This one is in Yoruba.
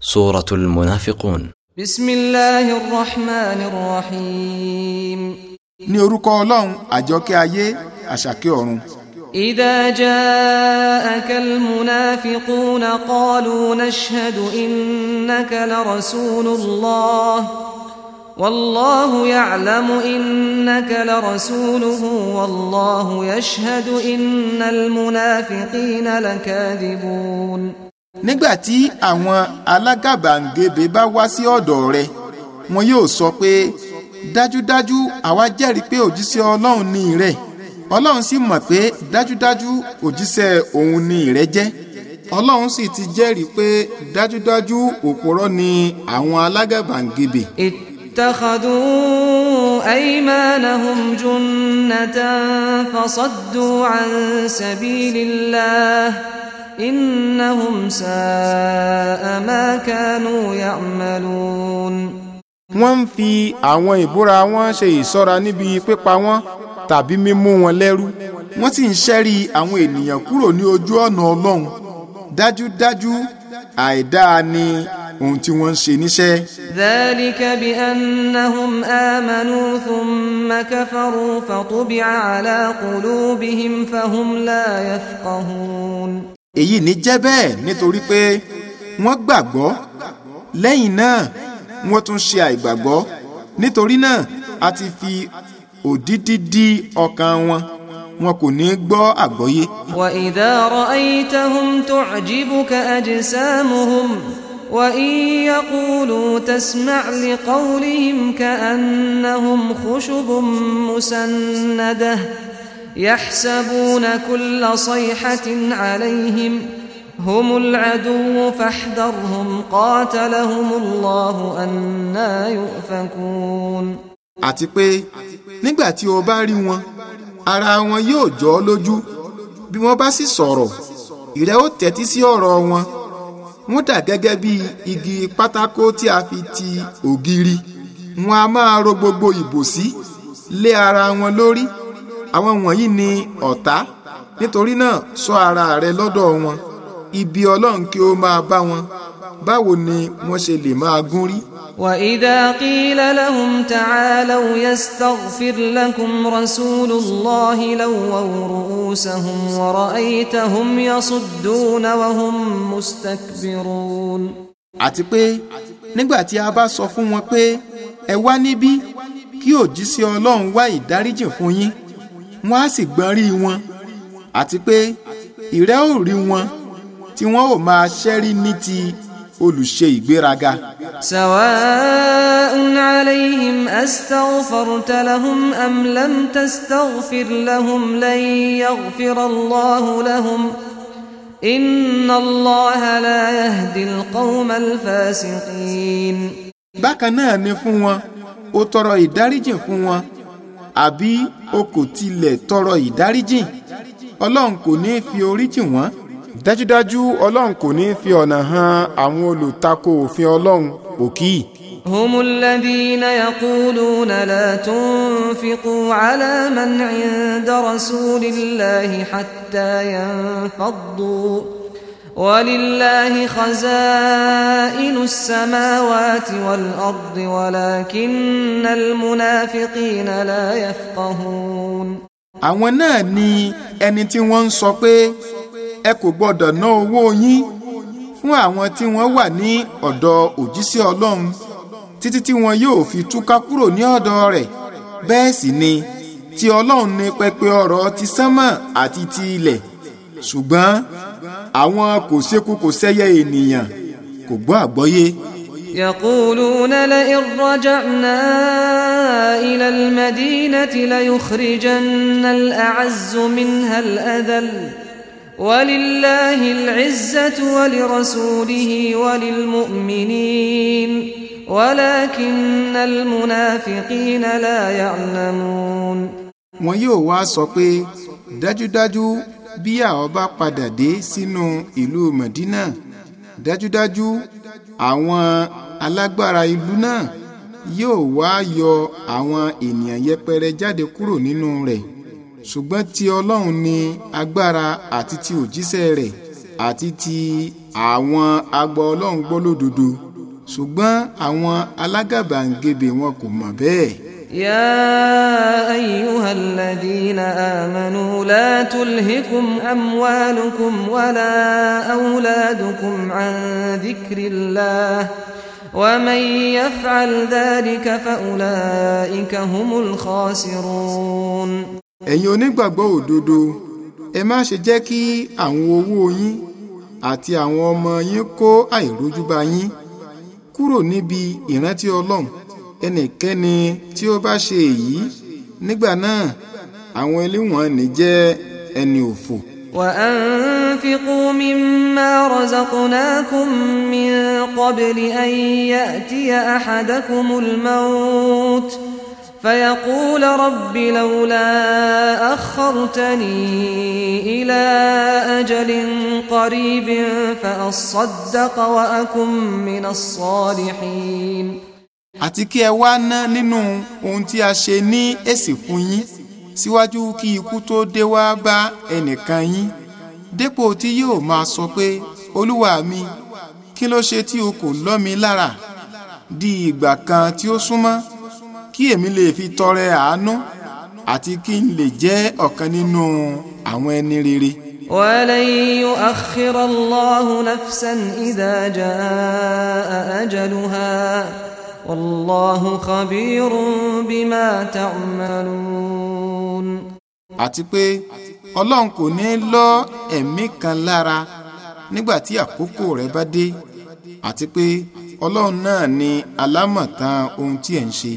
سورة المنافقون بسم الله الرحمن الرحيم ní orúkọ ọlọ́run àjọkẹ́ ayé إذا جاءك المنافقون قالوا نشهد إنك لرسول الله والله يعلم إنك لرسوله والله يشهد إن المنافقين لكاذبون nígbà tí àwọn alágàbàǹgebè bá wá sí ọ̀dọ̀ rẹ wọn yóò sọ pé dájúdájú àwa jẹ́rìí pé òjíṣẹ́ ọlọ́run ni rẹ ọlọ́run sì mọ̀ pé dájúdájú òjíṣẹ́ òun ni rẹ jẹ́ ọlọ́run sì ti jẹ́rìí pé dájúdájú òpòrọ́ ni àwọn alágàbàǹgebè. ittakhadhu aymanahum junnatan fasaddu an sabilillah. إنهم ساء ما كانوا يعملون wọ́n ń fi àwọn ìbúra wọn ṣe ìṣọ́ra níbi pípa wọn tàbí mímú wọn lẹ́rú wọ́n sì ń ṣẹ́rí àwọn ènìyàn kúrò ní ojú ọ̀nà Ọlọ́run dájúdájú àìdáa ni ohun tí wọ́n ń ṣe níṣẹ́. dhalika bi annahum amanu thumma kafaru fatubi'a ala qulubihim fahum la èyí ní jẹ́ bẹ́ẹ̀ nítorí pé wọ́n gbàgbọ́ lẹ́yìn náà wọ́n tún ṣe àìgbàgbọ́ nítorí náà a ti fi òdìdí dí ọkàn wọn wọn kò ní gbọ́ àgbọ́yé. wa idha ra'aytahum tu'jibuka ajsamuhum wa in yaqulu tasma' liqawlihim ka'annahum khushubun musannadah. يحسبون كل صيحة عليهم هم العدو فاحذرهم قاتلهم الله أنا يؤفكون àti pé nígbà tí o bá rí wọn ara wọn yóò jọ ọ́ lójú bí wọ́n bá sì sọ̀rọ̀ ìrẹ ó tẹ́tí sí ọ̀rọ̀ wọn wọ́n dà gẹ́gẹ́ bí igi pátákó tí a fi ti ògiri wọn a máa ro gbogbo ìbòsí lé ara wọn lórí àwọn wọ̀nyí ni ọ̀tá nítorí náà ṣọ́ ara rẹ lọ́dọ̀ wọn ibi ọlọ́run kí ó máa bá wọn báwo ni wọ́n ṣe lè máa gún rí. وإذا قيل لهم تعالوا يستغفر لكم رسول الله لووا رؤوسهم ورأيتهم يصدون وهم مستكبرون. àti pé nígbà tí a bá sọ fún wọn pé ẹ wá níbí kí òjíṣẹ́ Ọlọ́run wá ìdáríjì fún yín wọ́n á sì gbọ́n rí wọn àti pé ìrẹ́ ò rí wọn tí wọ́n ò máa ṣẹ́rí ní ti olùṣe ìgbéraga. سواء عليهم أستغفرت لهم أم لم تستغفر لهم لن يغفر الله لهم إن الله bákan náà ni fún wọn ó tọrọ ìdáríjì fún wọn àbí o kò tilẹ̀ tọrọ ìdáríjìn ọlọ́run kò ní fi orí jì wọ́n. dájúdájú ọlọ́run kò ní fi ọ̀nà hàn àwọn olùtakò òfin ọlọ́run òkì. هم الذين يقولون لا تنفقوا على من عند رسول الله حتى ينفضوا ولله خزائن السماوات والأرض ولكن المنافقين لا يفقهون àwọn náà ni ẹni tí wọ́n ń sọ pé ẹ kò gbọ́dọ̀ ná owó yín fún àwọn tí wọ́n wà ní ọ̀dọ̀ òjíṣẹ́ Ọlọ́run títí tí wọn yóò fi túká kúrò ní ọ̀dọ̀ rẹ̀ bẹ́ẹ̀ sì ni ti Ọlọ́run ní pẹpẹ ọ̀rọ̀ ti sánmọ̀ àti ti ilẹ̀ ṣùgbọ́n àwọn kò sékú kò sẹ́yẹ ènìyàn kò gbọ́ àgbọ́yé. يقولون لئن رجعنا إلى المدينة ليخرجن الأعز منها الأذل ولله العزة ولرسوله وللمؤمنين ولكن المنافقين لا يعلمون. wọ́n yóò wá sọ pé dájúdájú bí àwa bá padà dé sínú ìlú Mẹ̀dínà dájúdájú àwọn alágbára ìlú náà yóò wá yọ àwọn ènìyàn yẹpẹrẹ jáde kúrò nínú rẹ̀ ṣùgbọ́n ti Ọlọ́run ni agbára àti ti òjíṣẹ́ rẹ̀ àti ti àwọn agbọ Ọlọ́run gbọ́ lódodo ṣùgbọ́n àwọn alágàbàǹgebè wọn kò mọ̀ bẹ́ẹ̀. يا أيها الذين آمنوا لا تلهكم أموالكم ولا أولادكم عن ذكر الله ومن يفعل ذلك فأولئك هم الخاسرون ẹ̀yin onígbàgbọ́ òdodo ẹ má ṣe jẹ́ kí àwọn owó yín àti àwọn ọmọ yín kó àìrójúbá yín kúrò níbi ìrántí Ọlọ́run ẹnikẹ́ni tí ó bá ṣe èyí nígbà náà àwọn ẹlẹ́wọ̀n jẹ́ ẹni òfò. وأنفقوا مما رزقناكم من قبل أن يأتي أحدكم الموت فيقول رب لولا أخرتني إلى أجل قريب فأصدق وأكن من الصالحين àti kí ẹ wá ná nínú ohun tí a ṣe ní èsì fún yín síwájú kí ikú tó dé wá bá ẹnìkan yín dépò tí yóò máa sọ pé olúwa mi kí ló ṣe tí o kò lọ́ mi lára di ìgbà kan tí ó súnmọ́ kí èmi lè fi tọrẹ àánú àti kí n lè jẹ́ ọ̀kan nínú àwọn ẹni rere. ولن يؤخر الله نفسا إذا جاء أجلها والله خبير بما تعملون àti pé ọlọ́run kò ní lọ ẹ̀mí kan lára nígbà tí àkókò rẹ̀ bá dé àti pé ọlọ́run náà ni alámọ̀tán ohun tí ẹ̀ ń ṣe.